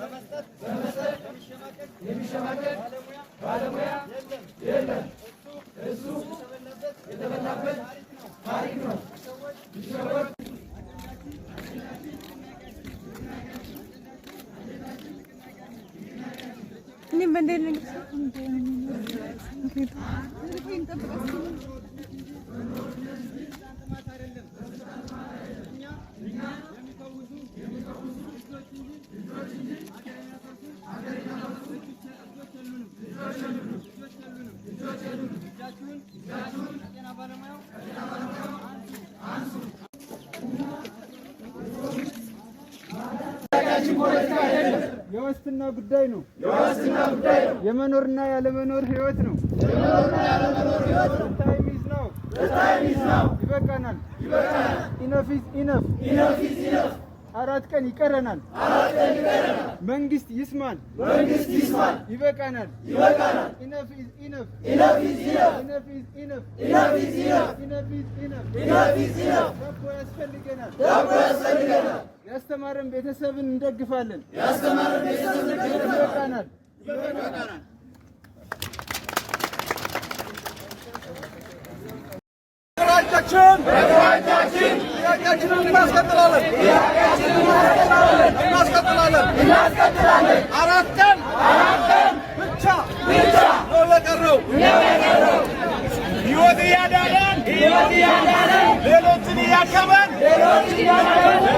በመስጠት የሚሸማቀቅ ባለሙያ የዋስትና ጉዳይ ነው። የዋስትና ጉዳይ ነው። የመኖርና ያለመኖር ህይወት ነው። የመኖርና ያለመኖር ህይወት ነው። ታይም ኢዝ ናው። ታይም ኢዝ ናው። ይበቃናል። ይበቃናል። ኢነፍ ኢዝ ኢነፍ። ኢነፍ ኢዝ ኢነፍ። አራት ቀን ይቀረናል። አራት ቀን ይቀረናል። መንግስት ይስማል። መንግስት ይስማል። ይበቃናል። ይበቃናል። ኢነፍ ኢዝ ኢነፍ። ኢነፍ ኢዝ ኢነፍ። ኢነፍ ኢዝ ኢነፍ። ያስፈልገናል። ያስተማረን ቤተሰብን እንደግፋለን። ያስተማረን ቤተሰብን እንደግፋለን። ይበቃናል። ይበቃናል። ጥያቄያችንን እናስቀጥላለን እናስቀጥላለን። አራት ቀን ብቻ ነው የቀረው። ሕይወት እያዳነን ሌሎችን እያከመን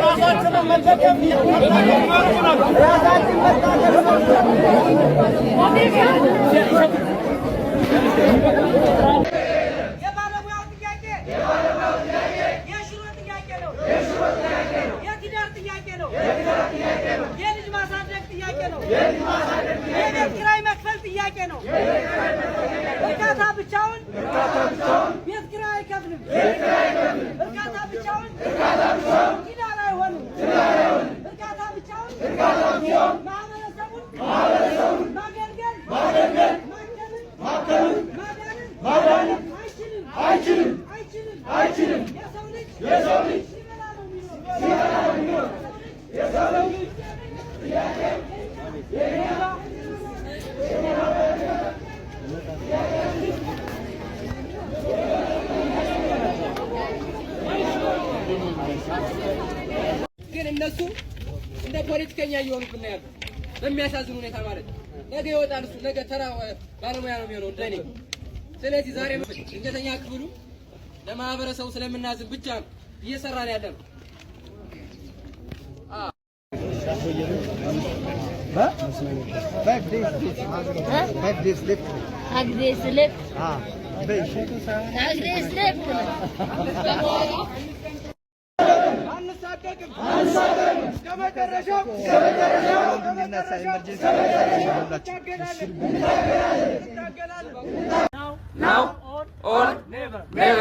ራሳችንን መጠቀም ራሳችን የቤት ኪራይ ጥያቄ ነው። ፖለቲከኛ እየሆኑብን ያለው በሚያሳዝን ሁኔታ ማለት ነገ ይወጣል እሱ ነገ ተራ ባለሙያ ነው የሚሆነው እንደኔ። ስለዚህ ዛሬ ድንገተኛ ክፍሉ ለማህበረሰቡ ስለምናዝን ብቻ ነው እየሰራን ያለ ነው። አግዴስ ልክ አግዴስ ልክ ነው ኦል ኔቨር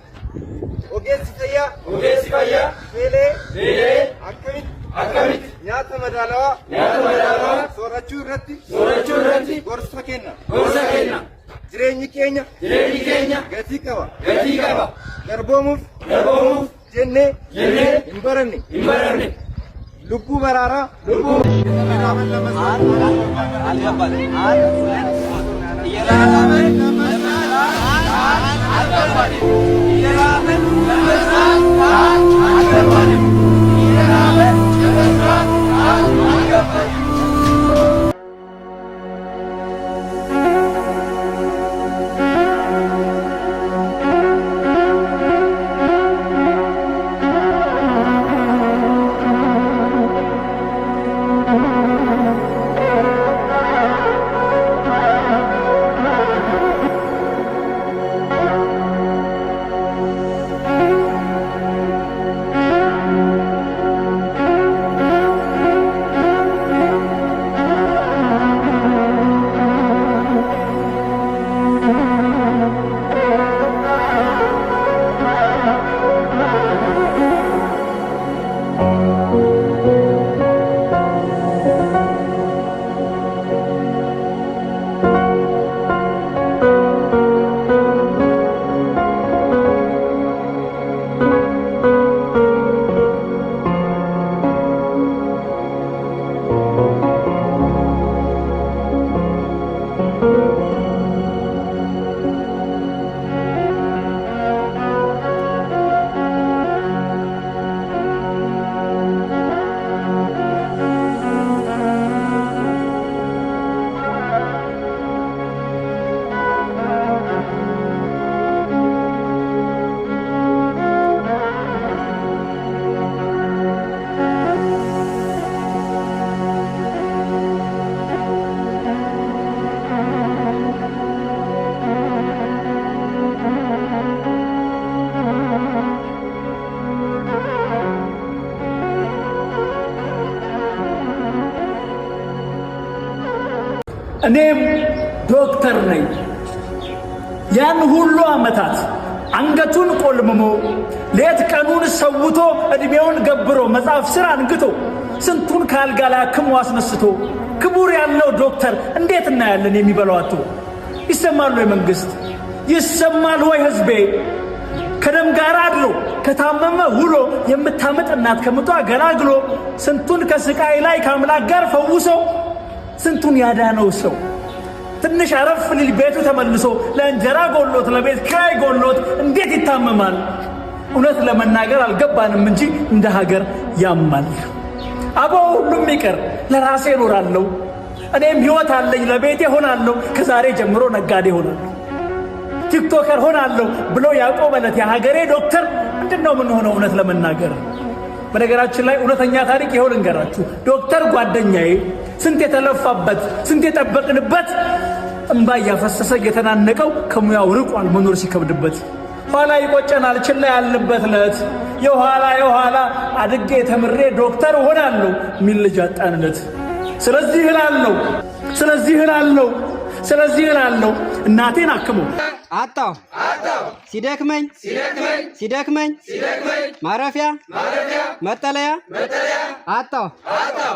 Ogeessi fayyaa. Ogeessi fayyaa. Feelee. Feelee. Akkamitti. Akkamitti. Nyaata madaalawaa. Nyaata madaalawaa. Soorachuu irratti. Soorachuu irratti. Gorsa kenna. Gorsa kenna. Jireenyi keenya. Jireenyi keenya. Gatii qaba. Gatii qaba. Garboomuuf. Garboomuuf. Jennee. Jennee. Hin baranne. Hin baranne. ልቡ በራራ ልቡ እየራራ Thank you. እኔም ዶክተር ነኝ። ያን ሁሉ ዓመታት አንገቱን ቆልምሞ ሌት ቀኑን ሰውቶ ዕድሜውን ገብሮ መጽሐፍ ስር አንግቶ ስንቱን ከአልጋ ላይ አክሞ አስነስቶ ክቡር ያለው ዶክተር እንዴት እናያለን? የሚበላው ይሰማሉ ይሰማል ወይ መንግስት? ይሰማል ወይ ህዝቤ? ከደም ጋር አድሎ ከታመመ ውሎ የምታምጥ እናት ከምቷ አገላግሎ ስንቱን ከስቃይ ላይ ከአምላክ ጋር ፈውሰው ስንቱን ያዳነው ሰው ትንሽ አረፍ ሊል ቤቱ ተመልሶ ለእንጀራ ጎሎት ለቤት ክራይ ጎሎት እንዴት ይታመማል? እውነት ለመናገር አልገባንም እንጂ እንደ ሀገር ያማል። አበ ሁሉም ይቅር፣ ለራሴ እኖራለሁ፣ እኔም ህይወት አለኝ፣ ለቤቴ ሆናለሁ፣ ከዛሬ ጀምሮ ነጋዴ ሆናለሁ፣ ቲክቶከር ሆናለሁ ብሎ ያቆመለት የሀገሬ ዶክተር ምንድን ነው የምንሆነው? እውነት ለመናገር በነገራችን ላይ እውነተኛ ታሪክ ይኸው ልንገራችሁ። ዶክተር ጓደኛዬ ስንት የተለፋበት ስንት የጠበቅንበት እምባ እያፈሰሰ እየተናነቀው ከሙያው ርቋል መኖር ሲከብድበት። ኋላ ይቆጨናል ችላ ያልንበት ዕለት የኋላ የኋላ አድጌ ተምሬ ዶክተር እሆናለሁ ሚል ልጅ አጣንለት። ስለዚህ እላለሁ ስለዚህ እላለሁ ስለዚህ እላለሁ እናቴን አክመው አጣው አጣው ሲደክመኝ ሲደክመኝ ሲደክመኝ ሲደክመኝ ማረፊያ ማረፊያ መጠለያ መጠለያ አጣው አጣው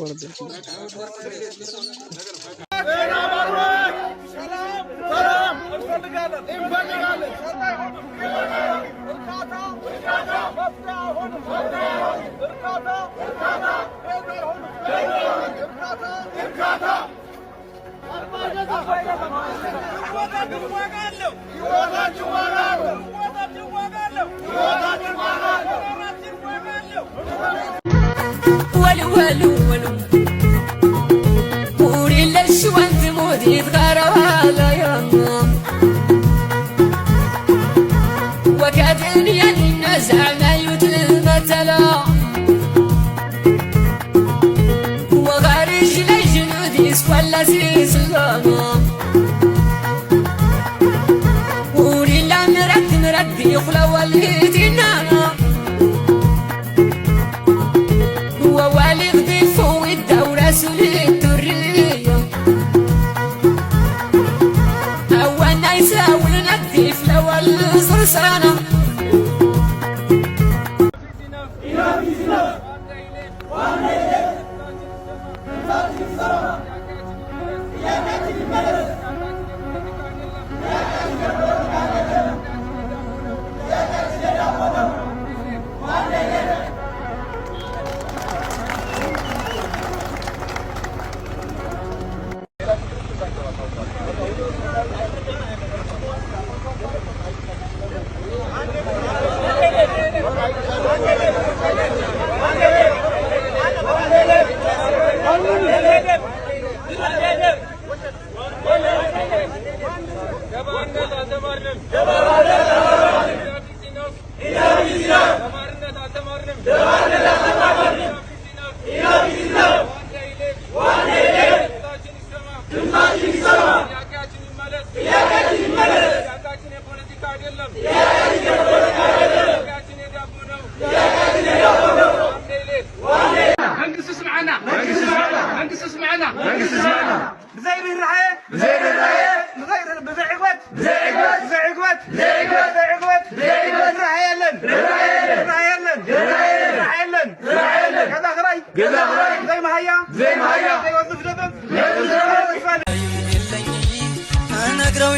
করে দেখি యువత యువత زين زين كذا خراي كذا خراي زي ما هيا زي ما هيا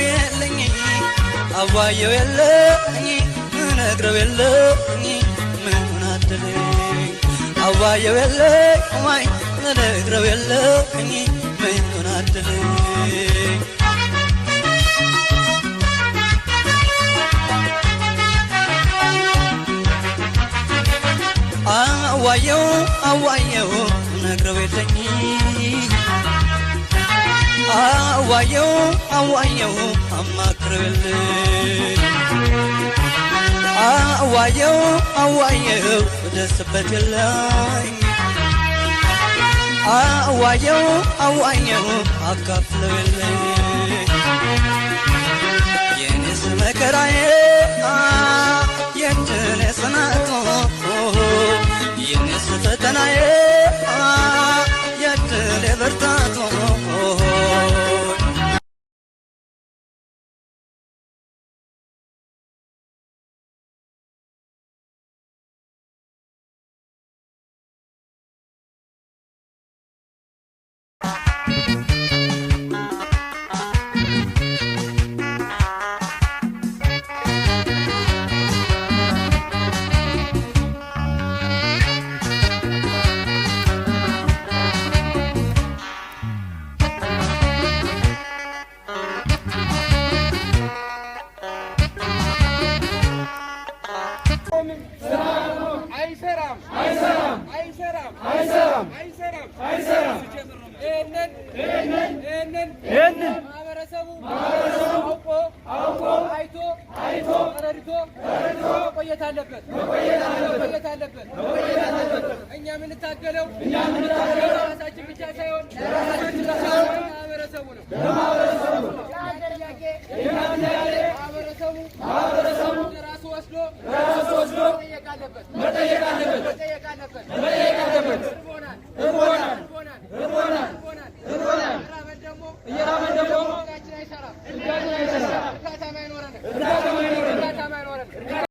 የለኝ አዋየው የለኝ እነግረው የለኝ ምን አዋየው የለኝ ወይ እነግረው የለኝ ምን አዋየው አዋየው ነግረው የለኝ አዋየው አዋየው አማክረው የለኝ አዋየው አዋየው ደስበት የለኝ አዋየው አዋየው አካፍለው የለኝ የኔስ መከራዬ የንትኔ ጽናቶ ፈተናዬ